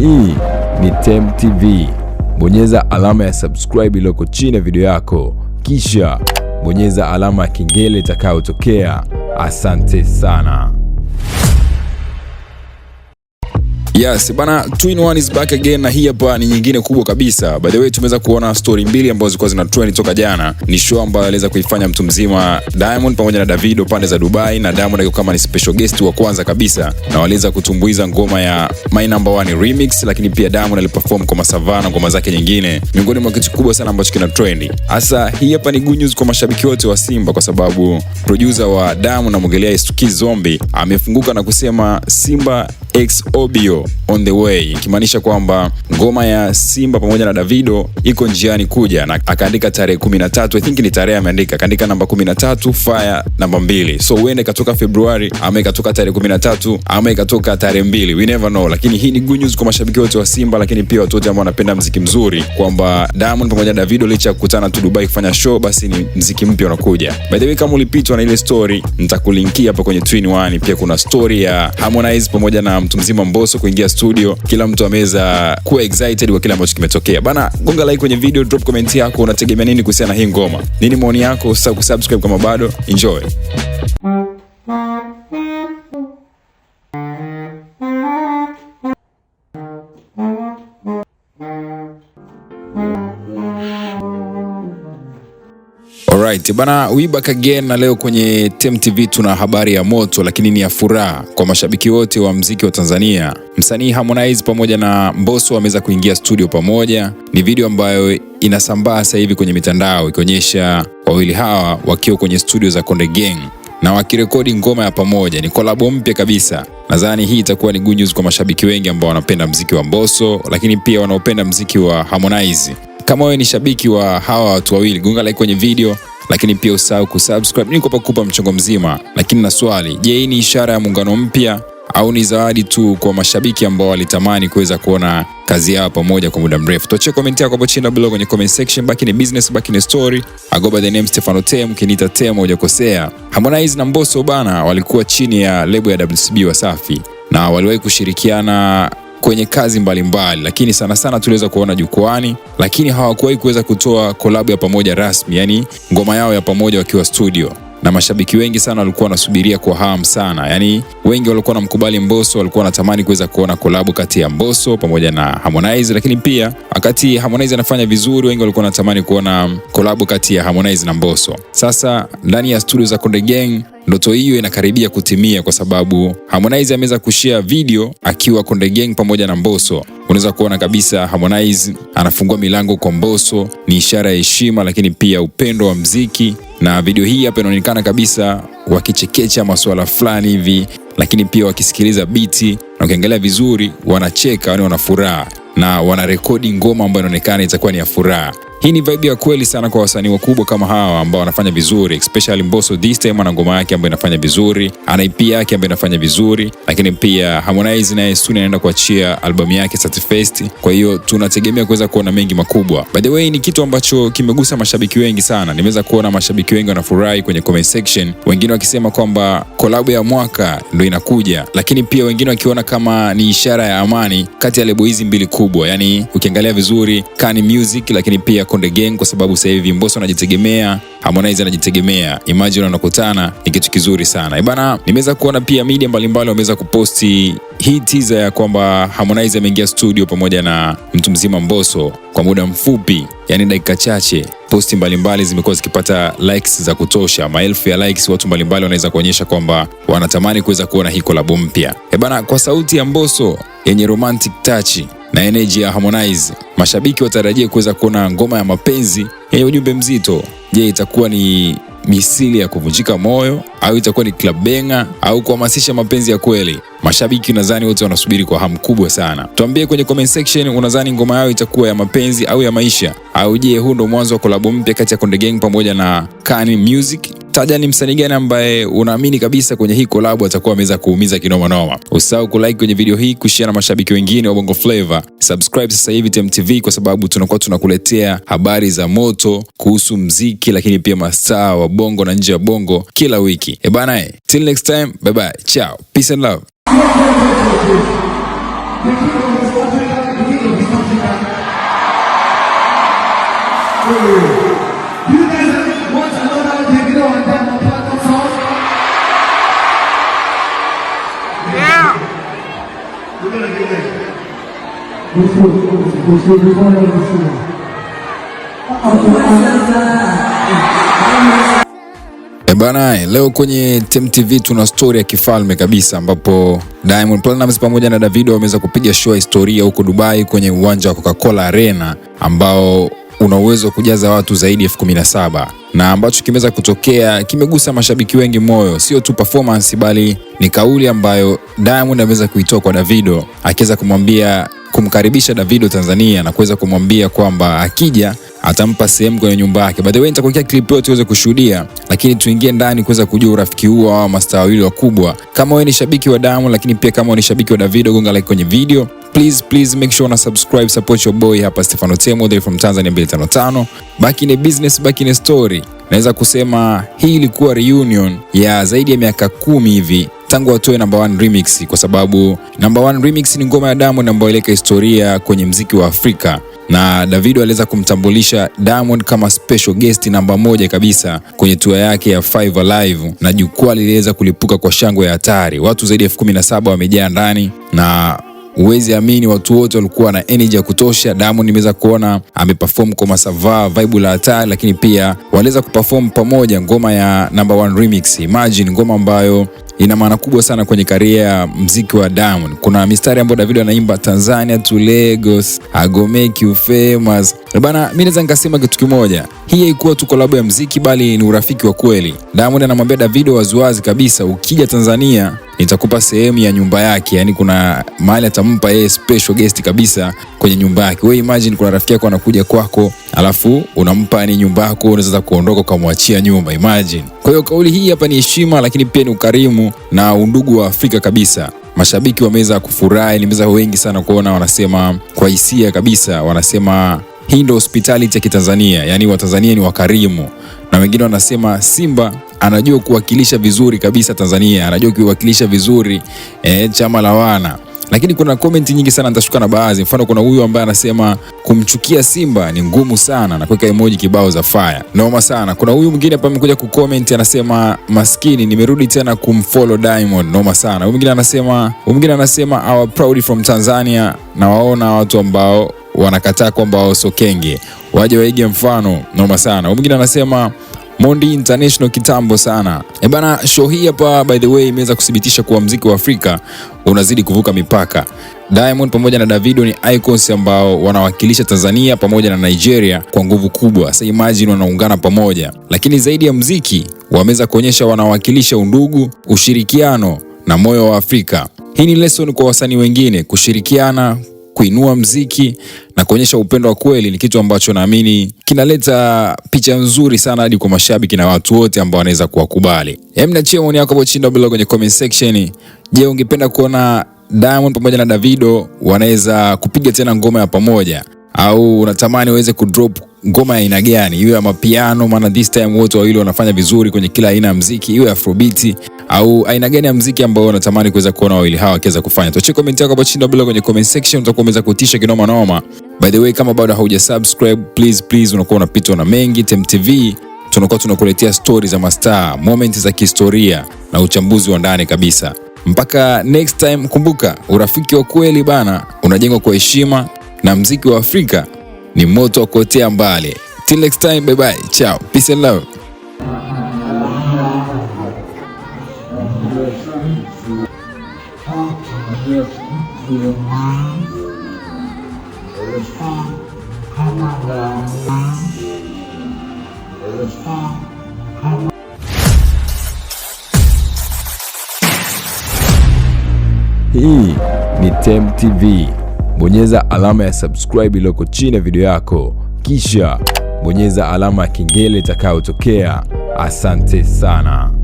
Hii ni Temu TV. Bonyeza alama ya subscribe iliyoko chini ya video yako, kisha bonyeza alama ya kengele itakayotokea. Asante sana. Yes, bana, Twin One is back again na hii hapa ni nyingine kubwa kabisa. By the way, tumeweza kuona story mbili ambazo zilikuwa zina trend toka jana. Ni show ambayo aliweza kuifanya mtu mzima Diamond pamoja na Davido pande za Dubai na Diamond akiwa kama ni special guest wa kwanza kabisa na waliweza kutumbuiza ngoma ya My Number One remix, lakini pia Diamond aliperform ngoma na ngoma zake nyingine. Miongoni mwa kitu kubwa sana ambacho kina trend. Hasa hii hapa ni good news kwa mashabiki wote wa Simba kwa sababu producer wa Diamond na Stuki Zombie amefunguka na kusema Simba xobio on the way, ikimaanisha kwamba ngoma ya Simba pamoja na Davido iko njiani kuja, na akaandika tarehe na tatu think ni tarehe ameandika, akaandika namba tatu faya namba mbili, so huenda ikatoka Februari ama ikatoka tarehe tatu ama ikatoka tarehe mbili, we never know, lakini hii ni good news kwa mashabiki wote wa Simba, lakini pia watu wote ambao wanapenda mziki mzuri, kwamba Diamond pamoja na Davido licha ya kukutana tu Dubai kufanya show, basi ni mziki mpya unakuja. By the way, kama ulipitwa na ile story, nitakulinkia hapa kwenye Twin One. Pia kuna story ya Harmonize pamoja na mtu mzima mboso kuingia studio, kila mtu ameweza kuwa excited kwa kile ambacho kimetokea bana. Gonga like kwenye video, drop comment yako, unategemea nini kuhusiana na hii ngoma? Nini maoni yako? Usisahau kusubscribe kama bado. Enjoy. asante bana, back again, na leo kwenye TemuTV tuna habari ya moto lakini ni ya furaha kwa mashabiki wote wa mziki wa Tanzania. Msanii Harmonize pamoja na mboso wameweza kuingia studio pamoja. Ni video ambayo inasambaa sasa hivi kwenye mitandao ikionyesha wawili hawa wakiwa kwenye studio za Konde Gang na wakirekodi ngoma ya pamoja. Ni kolabo mpya kabisa. Nadhani hii itakuwa ni good kwa mashabiki wengi ambao wanapenda mziki wa mboso lakini pia wanaopenda mziki wa Harmonize. Kama wewe ni shabiki wa hawa watu wawili, gonga like kwenye video lakini pia usahau kusubscribe. Niko kukupa mchongo mzima, lakini na swali, je, hii ni ishara ya muungano mpya au ni zawadi tu kwa mashabiki ambao walitamani kuweza kuona kazi yao pamoja kwa muda mrefu? Tuachie komenti yako hapo chini blog kwenye comment section. Baki ni business, baki ni story. I go by the name Stefano Tem, kinita Tem hujakosea. Harmonize na Mbosso bana walikuwa chini ya lebo ya WCB Wasafi na waliwahi kushirikiana kwenye kazi mbalimbali mbali, lakini sana sana tuliweza kuona jukwani, lakini hawakuwahi kuweza kutoa kolabu ya pamoja rasmi, yani ngoma yao ya pamoja wakiwa studio na mashabiki wengi sana walikuwa wanasubiria kwa hamu sana, yaani wengi walikuwa mkubali Mbosso, walikuwa wanatamani kuweza kuona kolabu kati ya Mbosso pamoja na Harmonize. Lakini pia wakati Harmonize anafanya vizuri, wengi walikuwa wanatamani kuona kolabu kati ya Harmonize na Mbosso. Sasa ndani ya studio za Konde Gang Ndoto hiyo inakaribia kutimia kwa sababu Harmonize ameweza kushare video akiwa Konde Gang pamoja na Mbosso. Unaweza kuona kabisa Harmonize anafungua milango kwa Mbosso, ni ishara ya heshima, lakini pia upendo wa mziki, na video hii hapa inaonekana kabisa wakichekecha masuala fulani hivi, lakini pia wakisikiliza biti, na ukiangalia vizuri wanacheka, yani wana furaha na wanarekodi ngoma ambayo inaonekana itakuwa ni ya furaha. Hii ni vibe ya kweli sana kwa wasanii wakubwa kama hawa ambao wanafanya vizuri, especially Mbosso this time ana ngoma yake ambayo inafanya vizuri, ana EP yake ambayo inafanya vizuri, lakini pia Harmonize naye soon anaenda kuachia albamu yake Satisfaced. Kwa hiyo tunategemea kuweza kuona mengi makubwa. By the way, ni kitu ambacho kimegusa mashabiki wengi sana. Nimeweza kuona mashabiki wengi wanafurahi kwenye comment section, wengine wakisema kwamba kolabu ya mwaka ndio inakuja, lakini pia wengine wakiona kama ni ishara ya amani kati ya lebo hizi mbili kubwa, yani ukiangalia vizuri Kani Music, lakini pia Konde Gang kwa sababu sasa hivi Mbosso anajitegemea, Harmonize anajitegemea, Imagine wanakutana ni kitu kizuri sana. Eh, bana, nimeweza kuona pia media mbalimbali wameweza kuposti hii teaser ya kwamba Harmonize ameingia studio pamoja na mtu mzima Mbosso kwa muda mfupi, yani dakika chache. Posti mbalimbali zimekuwa zikipata likes za kutosha, maelfu ya likes. Watu mbalimbali wanaweza kuonyesha kwamba wanatamani kuweza kuona hii kolabo mpya. E bana, kwa sauti ya Mbosso yenye romantic touch na energy ya Harmonize mashabiki watarajie kuweza kuona ngoma ya mapenzi yenye ujumbe mzito. Je, itakuwa ni misili ya kuvunjika moyo au itakuwa ni benga au kuhamasisha mapenzi ya kweli? Mashabiki nadhani wote wanasubiri kwa hamu kubwa sana. Tuambie kwenye comment section, unadhani ngoma yao itakuwa ya mapenzi au ya maisha? Au je, huu ndo mwanzo wa kolabo mpya kati ya Konde Gang pamoja na Kani Music? taja ni msanii gani ambaye unaamini kabisa kwenye hii kolabu atakuwa ameweza kuumiza kinoma noma. Usahau kulike kwenye video hii, kushare na mashabiki wengine wa Bongo Flava. Subscribe sasa hivi TemuTV kwa sababu tunakuwa tunakuletea habari za moto kuhusu mziki, lakini pia mastaa wa Bongo na nje ya Bongo kila wiki. E eh bana, till next time, bye bye, ciao, peace and love. Eh bana, leo kwenye TV tuna stori ya kifalme kabisa ambapo Diamond Platnumz pamoja na Davido wameweza kupiga show ya historia huko Dubai kwenye uwanja wa Coca-Cola Arena ambao una uwezo wa kujaza watu zaidi ya elfu kumi na saba na ambacho kimeweza kutokea kimegusa mashabiki wengi moyo, sio tu performance, bali ni kauli ambayo Diamond ameweza kuitoa kwa Davido akiweza kumwambia kumkaribisha Davido Tanzania na kuweza kumwambia kwamba akija atampa sehemu kwenye nyumba yake. By the way, nitakuwekea clip yote uweze kushuhudia, lakini tuingie ndani kuweza kujua urafiki huo wa mastaa wawili wakubwa. Kama wewe ni shabiki wa Diamond, lakini pia kama wewe ni shabiki wa Davido, gonga like kwenye video. Please, please make sure una subscribe, support your boy hapa Stefano Temo there from Tanzania 255. Back in the business, back in the story. Naweza kusema hii ilikuwa reunion ya zaidi ya miaka kumi hivi tangu watoe number one remix, kwa sababu number one remix ni ngoma ya Diamond ambayo iliweka historia kwenye mziki wa Afrika na Davido aliweza kumtambulisha Diamond kama special guest namba moja kabisa kwenye tour yake ya Five Alive, na jukwaa liliweza kulipuka kwa shangwe ya hatari. Watu zaidi ya elfu kumi na saba wamejaa ndani na huwezi amini, watu wote walikuwa na energy ya kutosha. Diamond imeweza kuona ameperform kwa masava vibe la hatari, lakini pia waliweza kuperform pamoja ngoma ya number one remix. Imagine ngoma ambayo ina maana kubwa sana kwenye karia ya mziki wa Diamond. Kuna mistari ambayo Davido anaimba Tanzania to Lagos, agomeki go famous, Bana, mimi naweza nikasema kitu kimoja, hii haikuwa tu kolabo ya mziki, bali ni urafiki wa kweli. Diamond anamwambia Davido waziwazi kabisa, ukija Tanzania nitakupa sehemu ya nyumba yake, yani kuna mahali atampa yeye special guest kabisa kwenye nyumba yake. Wewe imagine, kuna rafiki yako anakuja kwako, alafu unampa ni nyumba yako, unaweza kuondoka ukamwachia nyumba, imagine. Kwa hiyo kauli hii hapa ni heshima, lakini pia ni ukarimu na undugu wa Afrika kabisa. Mashabiki wameweza kufurahi, nimeweza wengi sana kuona wanasema kwa hisia kabisa, wanasema hii ndo hospitali cha Kitanzania, yaani Watanzania ni wakarimu, na wengine wanasema Simba anajua kuwakilisha vizuri kabisa Tanzania, anajua kuwakilisha vizuri e, chama la wana lakini kuna komenti nyingi sana nitashuka na baadhi. Mfano, kuna huyu ambaye anasema kumchukia Simba ni ngumu sana, na kuweka emoji kibao za fire, noma sana. Kuna huyu mwingine hapa amekuja kucomment anasema maskini, nimerudi tena kumfollow Diamond, noma sana. Huyu mwingine anasema, huyu mwingine anasema our proud from Tanzania, na waona watu ambao wanakataa kwamba wasokenge, waje waige mfano noma sana. Mwingine anasema Mondi International kitambo sana. E bana, show hii hapa by the way imeweza kudhibitisha kuwa mziki wa Afrika unazidi kuvuka mipaka. Diamond pamoja na Davido ni icons ambao wanawakilisha Tanzania pamoja na Nigeria kwa nguvu kubwa. Sasa imagine wanaungana pamoja, lakini zaidi ya mziki wameweza kuonyesha wanawakilisha undugu, ushirikiano na moyo wa Afrika. Hii ni lesson kwa wasanii wengine kushirikiana kuinua mziki na kuonyesha upendo wa kweli ni kitu ambacho naamini kinaleta picha nzuri sana hadi kwa mashabiki na watu wote ambao wanaweza kuwakubali. Hem, niachie maoni yako hapo chini bila kwenye comment section. Je, ungependa kuona Diamond pamoja na Davido wanaweza kupiga tena ngoma ya pamoja au unatamani waweze kudrop ngoma ya aina gani, iwe ya mapiano? Maana this time wote wawili wanafanya vizuri kwenye kila aina ya mziki, iwe afrobeat au aina gani ya muziki ambao unatamani kuweza kuona wawili hawa wakiweza kufanya. Tuachie comment yako hapo chini na bila kwenye comment section, utakuwa umeweza kutisha kinoma noma. By the way, kama bado hauja subscribe, please please, unakuwa unapitwa na mengi. Tem TV tunakuwa tunakuletea stories za mastaa, moments za kihistoria na uchambuzi wa ndani kabisa. Mpaka next time, kumbuka urafiki wa kweli bana unajengwa kwa heshima na mziki wa Afrika ni moto wa kuotea mbali. Till next time, bye bye, ciao, peace and love. Hii ni Tem TV. Bonyeza alama ya subscribe iliyoko chini ya video yako, kisha bonyeza alama ya kengele itakayotokea. Asante sana.